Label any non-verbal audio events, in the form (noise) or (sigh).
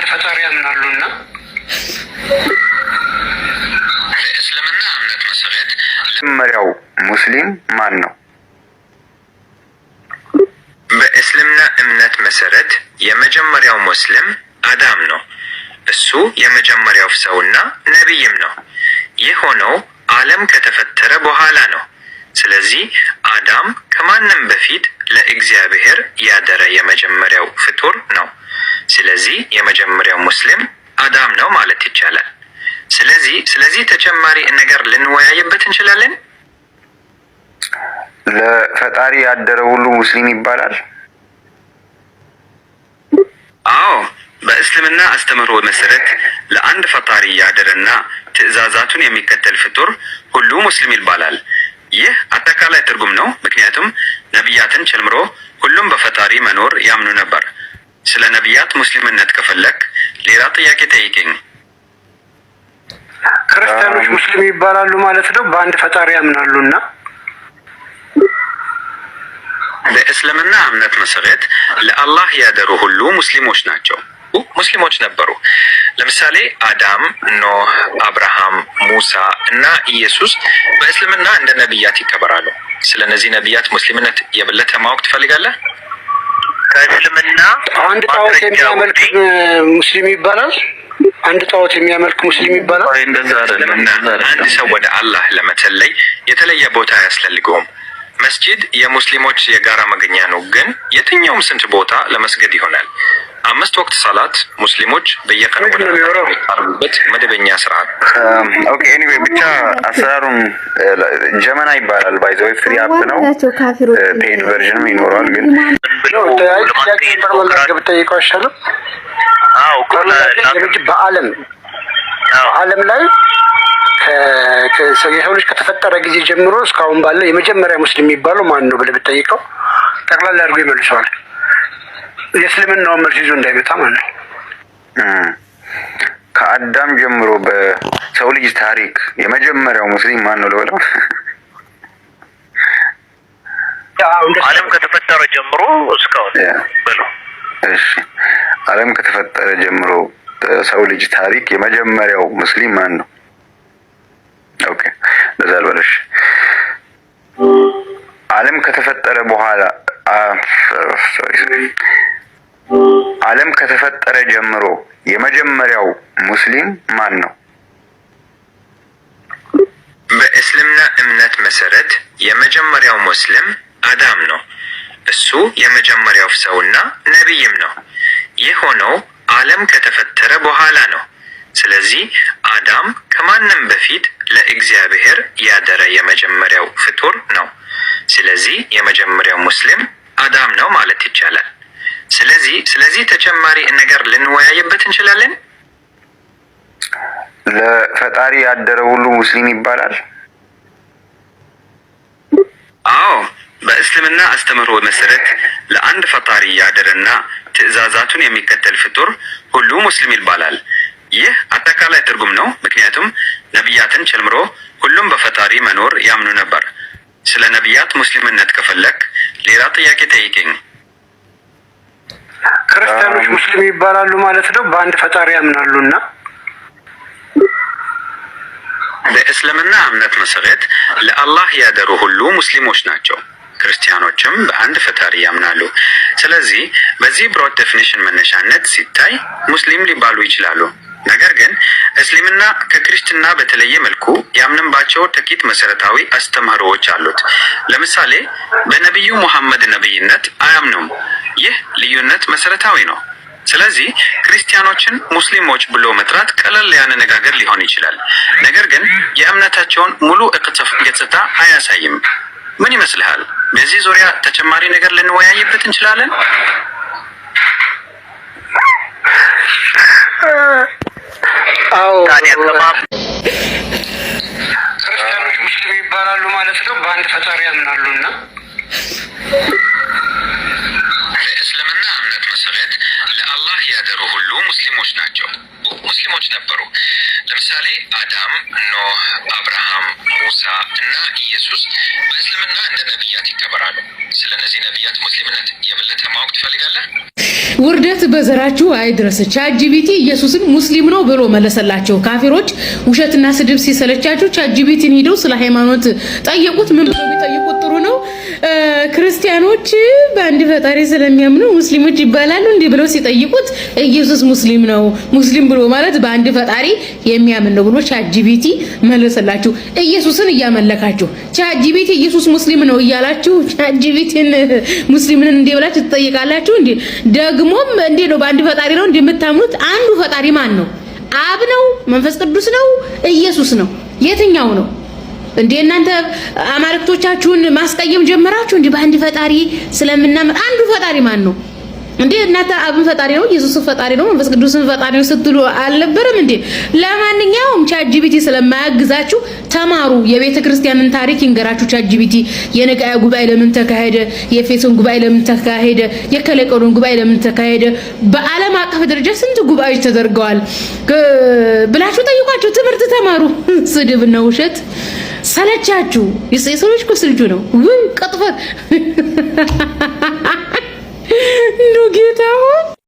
በአንድ ፈጣሪ ያምናሉ እና እስልምና እምነት መሰረት መጀመሪያው ሙስሊም ማን ነው? በእስልምና እምነት መሰረት የመጀመሪያው ሙስሊም አዳም ነው። እሱ የመጀመሪያው ሰውና ነቢይም ነው። ይህ ሆነው ዓለም ከተፈጠረ በኋላ ነው። ስለዚህ አዳም ከማንም በፊት ለእግዚአብሔር ያደረ የመጀመሪያው ፍጡር ነው። ስለዚህ የመጀመሪያው ሙስሊም አዳም ነው ማለት ይቻላል። ስለዚህ ስለዚህ ተጨማሪ ነገር ልንወያይበት እንችላለን። ለፈጣሪ ያደረ ሁሉ ሙስሊም ይባላል። አዎ በእስልምና አስተምህሮ መሰረት ለአንድ ፈጣሪ ያደረና ትዕዛዛቱን የሚከተል ፍጡር ሁሉ ሙስሊም ይባላል። ይህ አጠቃላይ ትርጉም ነው። ምክንያቱም ነቢያትን ጨምሮ ሁሉም በፈጣሪ መኖር ያምኑ ነበር። ስለ ነቢያት ሙስሊምነት ከፈለክ ሌላ ጥያቄ ጠይቀኝ። ክርስቲያኖች ሙስሊም ይባላሉ ማለት ነው? በአንድ ፈጣሪ ያምናሉ እና በእስልምና እምነት መሰረት ለአላህ ያደሩ ሁሉ ሙስሊሞች ናቸው። ሙስሊሞች ነበሩ። ለምሳሌ አዳም፣ ኖህ፣ አብርሃም፣ ሙሳ እና ኢየሱስ በእስልምና እንደ ነቢያት ይከበራሉ። ስለነዚህ ነቢያት ሙስሊምነት የበለጠ ማወቅ ትፈልጋለህ? ከእስልምና አንድ ጣዖት የሚያመልክ ሙስሊም ይባላል። አንድ ጣዖት የሚያመልክ ሙስሊም ይባላል። አንድ ሰው ወደ አላህ ለመጸለይ የተለየ ቦታ አያስፈልገውም። መስጂድ የሙስሊሞች የጋራ መገኛ ነው። ግን የትኛውም ስንት ቦታ ለመስገድ ይሆናል። አምስት ወቅት ሰላት ሙስሊሞች በየቀኑ ወደሚያቀርቡበት መደበኛ ስርዓት። ኦኬ ኤኒዌይ ብቻ አሰራሩን ጀመና ይባላል። ባይዘ ወይ ፍሪ አፕ ነው። ፔድ ቨርዥንም ይኖረዋል ግን ነው። በዓለም በዓለም ላይ የሰው ልጅ ከተፈጠረ ጊዜ ጀምሮ እስካሁን ባለ የመጀመሪያ ሙስሊም የሚባለው ማን ነው ብለህ ብጠይቀው ጠቅላላ አድርጎ ይመልሰዋል። የእስልምናውን መልስ ይዞ እንዳይመጣ ማለት ነው። ከአዳም ጀምሮ በሰው ልጅ ታሪክ የመጀመሪያው ሙስሊም ማን ነው ልበለው? ዓለም ከተፈጠረ ጀምሮ እስካሁን ብሎ እሺ። ዓለም ከተፈጠረ ጀምሮ ሰው ልጅ ታሪክ የመጀመሪያው ሙስሊም ማን ነው? ኦኬ እንደዛ ልበለሽ። ዓለም ከተፈጠረ በኋላ ዓለም ከተፈጠረ ጀምሮ የመጀመሪያው ሙስሊም ማን ነው? በእስልምና እምነት መሰረት የመጀመሪያው ሙስሊም አዳም ነው። እሱ የመጀመሪያው ሰውና ነቢይም ነው። ይህ ሆነው ዓለም ከተፈጠረ በኋላ ነው። ስለዚህ አዳም ከማንም በፊት ለእግዚአብሔር ያደረ የመጀመሪያው ፍጡር ነው። ስለዚህ የመጀመሪያው ሙስሊም አዳም ነው ማለት ይቻላል። ስለዚህ ስለዚህ ተጨማሪ ነገር ልንወያይበት እንችላለን። ለፈጣሪ ያደረ ሁሉ ሙስሊም ይባላል። በእስልምና አስተምህሮ መሰረት ለአንድ ፈጣሪ ያደረና ትዕዛዛቱን የሚከተል ፍጡር ሁሉ ሙስሊም ይባላል። ይህ አጠቃላይ ትርጉም ነው። ምክንያቱም ነቢያትን ጨምሮ ሁሉም በፈጣሪ መኖር ያምኑ ነበር። ስለ ነቢያት ሙስሊምነት ከፈለክ ሌላ ጥያቄ ጠይቀኝ። ክርስቲያኖች ሙስሊም ይባላሉ ማለት ነው፣ በአንድ ፈጣሪ ያምናሉ በእስልምና እምነት መሰረት ለአላህ ያደሩ ሁሉ ሙስሊሞች ናቸው። ክርስቲያኖችም በአንድ ፈጣሪ ያምናሉ። ስለዚህ በዚህ ብሮድ ዴፊኒሽን መነሻነት ሲታይ ሙስሊም ሊባሉ ይችላሉ። ነገር ግን እስልምና ከክርስትና በተለየ መልኩ ያምንባቸው ጥቂት መሰረታዊ አስተምህሮዎች አሉት። ለምሳሌ በነቢዩ ሙሐመድ ነቢይነት አያምኑም። ይህ ልዩነት መሰረታዊ ነው። ስለዚህ ክርስቲያኖችን ሙስሊሞች ብሎ መጥራት ቀለል ያነነጋገር ሊሆን ይችላል፣ ነገር ግን የእምነታቸውን ሙሉ ገጽታ አያሳይም። ምን ይመስልሃል? በዚህ ዙሪያ ተጨማሪ ነገር ልንወያይበት እንችላለን። ክርስቲያኖች ሙስሊም ይባላሉ ማለት ነው። በአንድ ፈጣሪ ያምናሉ እና ለእስልምና እምነት መሰረት ለአላህ ያደሩ ሁሉ ሙስሊሞች ናቸው። ፊልሞች ነበሩ። ለምሳሌ አዳም፣ ኖህ፣ አብርሃም፣ ሙሳ እና ኢየሱስ በእስልምና እንደ ነቢያት ይከበራሉ። ስለ እነዚህ ነቢያት ሙስሊምነት የበለጠ ማወቅ ትፈልጋለህ? ውርደት በዘራችሁ አይድረስ። ቻጅቢቲ ኢየሱስን ሙስሊም ነው ብሎ መለሰላቸው። ካፊሮች ውሸትና ስድብ ሲሰለቻችሁ ቻጅቢቲን ሂደው ስለ ሃይማኖት ጠየቁት። ምን ብሎ ቢጠይቁት ጥሩ ነው? ክርስቲያኖች በአንድ ፈጣሪ ስለሚያምኑ ሙስሊሞች ይባላሉ እንዲህ ብለው ሲጠይቁት ኢየሱስ ሙስሊም ነው፣ ሙስሊም ብሎ ማለት በአንድ ፈጣሪ የሚያምን ነው ብሎ ቻጅቢቲ መለሰላችሁ። ኢየሱስን እያመለካችሁ ቻጅቢቲ ኢየሱስ ሙስሊም ነው እያላችሁ ቻጅቢቲን ሙስሊምን እንዲህ ብላችሁ ትጠይቃላችሁ። እንዲህ ደግሞ ደግሞም እንዴ ነው በአንድ ፈጣሪ ነው እንደምታምኑት? አንዱ ፈጣሪ ማን ነው? አብ ነው? መንፈስ ቅዱስ ነው? ኢየሱስ ነው? የትኛው ነው? እንዴ እናንተ አማልክቶቻችሁን ማስቀየም ጀመራችሁ? እንዴ በአንድ ፈጣሪ ስለምናምን አንዱ ፈጣሪ ማን ነው? እንዴ እናንተ አብን ፈጣሪ ነው፣ ኢየሱስን ፈጣሪ ነው፣ መንፈስ ቅዱስን ፈጣሪ ነው ስትሉ አልነበረም እንዴ? ለማንኛውም ቻትጂፒቲ ስለማያግዛችሁ ተማሩ። የቤተ ክርስቲያንን ታሪክ ይንገራችሁ ቻትጂፒቲ። የነቃያ ጉባኤ ለምን ተካሄደ? የኤፌሶን ጉባኤ ለምን ተካሄደ? የከለቀዶን ጉባኤ ለምን ተካሄደ? በዓለም አቀፍ ደረጃ ስንት ጉባኤዎች ተደርገዋል ብላችሁ ጠይቋቸው። ትምህርት ተማሩ። (laughs) ስድብ ነው ውሸት ሰለቻችሁ። የሰው ልጅ እኮ ስልጁ ነው። ውይ ቅጥፈት (laughs) Lou Guitaron